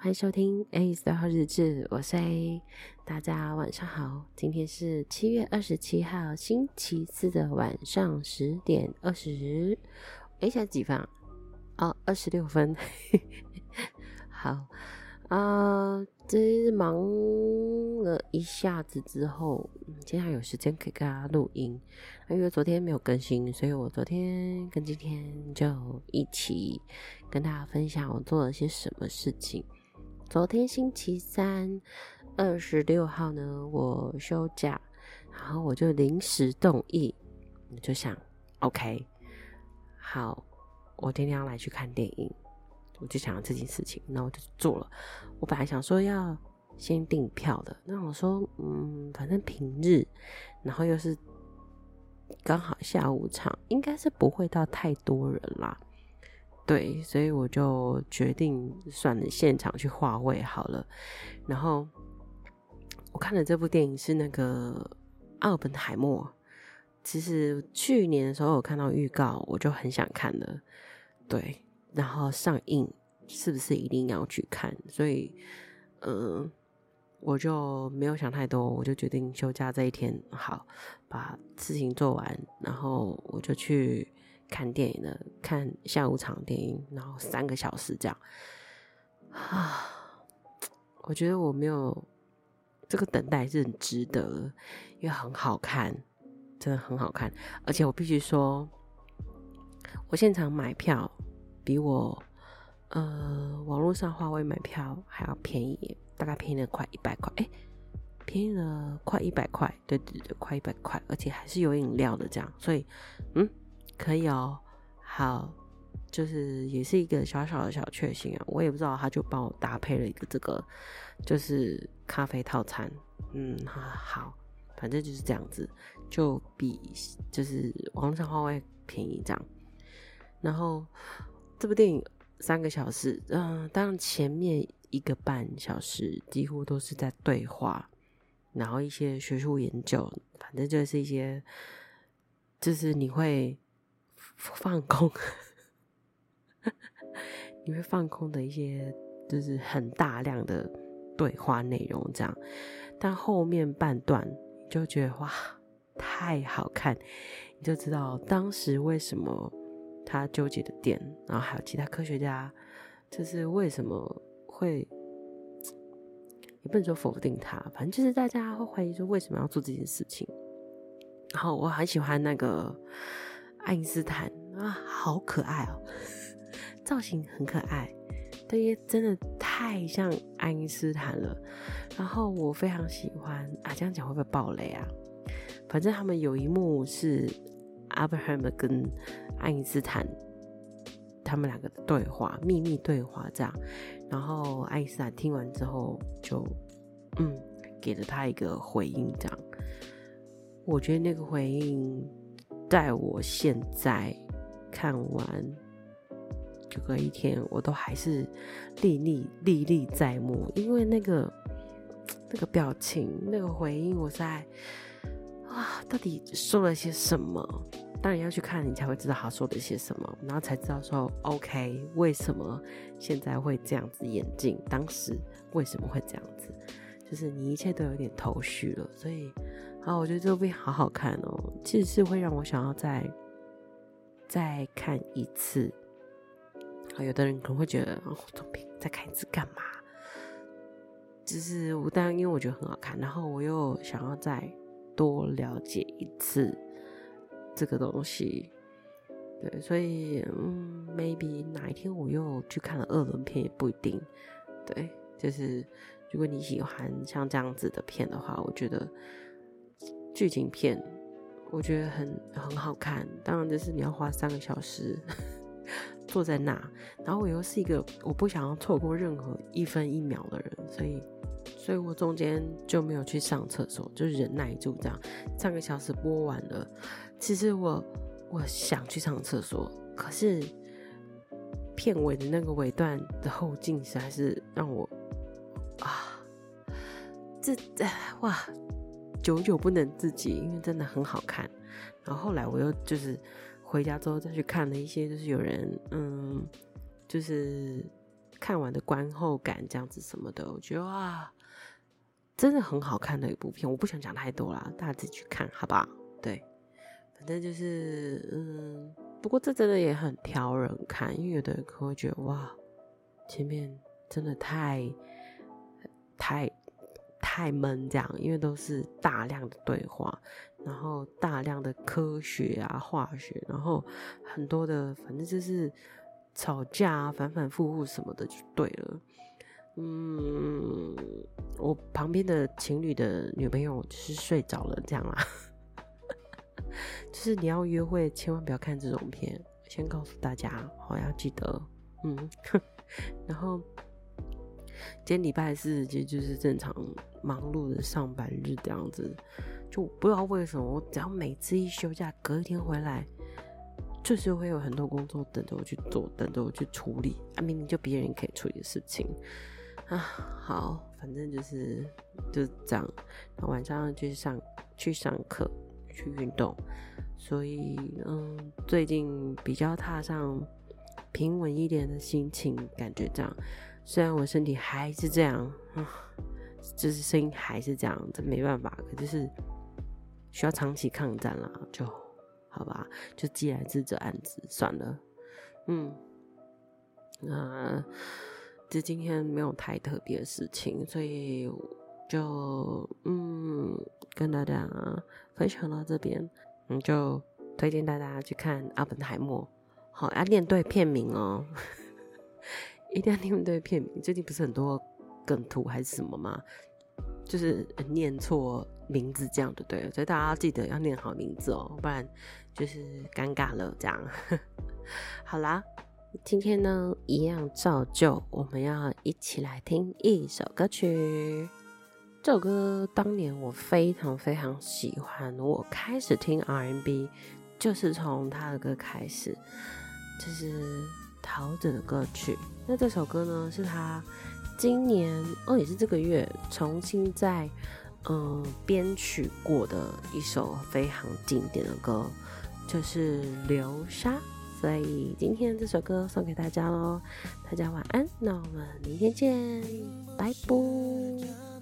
歡迎收聽 A 的日誌，我是 A，大家晚上好，今天是七月二十七號星期四的晚上十點二十，誒現在幾分啊？哦，二十六分。 好，啊、呃，今日忙了一下子之後，今天還有時間可以跟大家錄音，因為昨天沒有更新，所以我昨天跟今天就一起跟大家分享我做了些什麼事情。昨天星期三，二十六號呢，我休假，然後我就臨時動議，我就想，OK，好，我今天要來去看電影，我就想要這件事情，那我就做了。我本來想說要先訂票的，那我說，嗯，反正平日，然後又是剛好下午場，應該是不會到太多人啦。對，所以我就決定算了，現場去劃位好了。然後我看的這部電影是那個《奧本海默》。其實去年的時候我看到預告，我就很想看了。對，然後上映是不是一定要去看？所以，嗯、呃，我就沒有想太多，我就決定休假這一天好把事情做完，然後我就去。看電影的，看下午場電影，然後三個小時這樣啊，我覺得我沒有這個等待是很值得，因為很好看，真的很好看，而且我必須說，我現場買票比我呃網絡上華威買票還要便宜，大概便宜了快一百塊，哎、欸，便宜了快一百塊，對，對對對，快一百塊，而且還是有飲料的這樣，所以嗯。可以哦，好，就是也是一個小小的小確幸啊，我也不知道他就幫我搭配了一個這個，就是咖啡套餐，嗯好，反正就是這樣子，就比就是網上話會便宜這樣，然後這部電影三個小時，嗯、呃，當然前面一個半小時幾乎都是在對話，然後一些學術研究，反正就是一些，就是你會。放空， 你會放空的一些就是很大量的對話內容這樣，但後面半段你就覺得哇太好看，你就知道當時為什麼他糾結的點，然後還有其他科學家就是為什麼會，也不能說否定他，反正就是大家會懷疑說為什麼要做這件事情，然後我很喜歡那個。愛因斯坦啊，好可愛哦，喔，造型很可愛，對，真的太像愛因斯坦了。然後我非常喜歡啊，這樣講會不會暴雷啊？反正他們有一幕是阿伯哈姆跟愛因斯坦他們兩個的對話，秘密對話這樣。然後愛因斯坦聽完之後就嗯，給了他一個回應這樣。我覺得那個回應。在我現在看完這個一天，我都還是歷歷歷歷在目，因為那個那個表情、那個回應，我在啊，到底說了些什麼？當然要去看你才會知道他說的些什麼，然後才知道說 OK，為什麼現在會這樣子演進，當時為什麼會這樣子？就是你一切都有點頭緒了，所以，啊、哦，我覺得這部片好好看哦，其實是會讓我想要再再看一次。啊、哦，有的人可能會覺得哦，這部片再看一次幹嘛？只、就是我，但，因為我覺得很好看，然後我又想要再多了解一次這個東西。對，所以嗯，maybe 哪一天我又去看了二輪片也不一定。對，就是如果你喜歡像這樣子的片的話，我覺得。劇情片我覺得很很好看，當然就是你要花三個小時呵呵坐在那，然後我又是一個我不想要錯過任何一分一秒的人，所以所以我中間就沒有去上廁所，就忍耐住這樣三個小時播完了。其實我我想去上廁所，可是片尾的那個尾段的後勁還是讓我啊，這，這哇。久久不能自己，因為真的很好看。然後後來我又就是回家之後再去看了一些，就是有人嗯，就是看完的觀後感這樣子什麼的，我覺得哇，真的很好看的一部片。我不想講太多了，大家自己去看好不好？對，反正就是嗯，不過這真的也很挑人看，因為有的人可能覺得哇，前面真的太太。太悶，這樣，因為都是大量的對話，然後大量的科學啊、化學，然後很多的，反正就是吵架啊、反反复覆什麼的，就對了。嗯，我旁邊的情侶的女朋友就是睡着了，這樣啦、啊。就是你要約會，千萬不要看這種片，先告訴大家，好要記得，嗯，然後。今天禮拜四，其實就是正常忙碌的上班日，這樣子，就不知道為什麼，我只要每次一休假，隔一天回來，就是會有很多工作等着我去做，等着我去處理。啊，明明就別人可以處理的事情，啊，好，反正就是就是這樣。那晚上去上，去上課，去運動，所以，嗯，最近比較踏上平穩一點的心情，感覺這樣。雖然我身體還是這樣，就是聲音還是這樣，這沒辦法，可就是需要長期抗戰啦，就好吧，就既來之則安之，算了，嗯，啊、呃，這今天沒有太特別的事情，所以就嗯，跟大家、啊、分享到這邊，嗯，就推薦大家去看《阿本海默》哦，好，要念對片名哦！一定要念對片名，最近不是很多梗圖還是什麼嗎？就是念錯名字這樣的，對了，所以大家要記得要念好名字哦、喔，不然就是尷尬了。這樣， 好啦，今天呢一樣照舊，我們要一起來聽一首歌曲。這首歌當年我非常非常喜歡，我開始聽 R&B 就是從他的歌開始，就是。陶喆的歌曲，那這首歌呢，是他今年哦，也是這個月重新在嗯編、呃、曲過的一首非常經典的歌，就是《流沙》。所以今天這首歌送給大家嘍，大家晚安，那我們明天見，拜拜。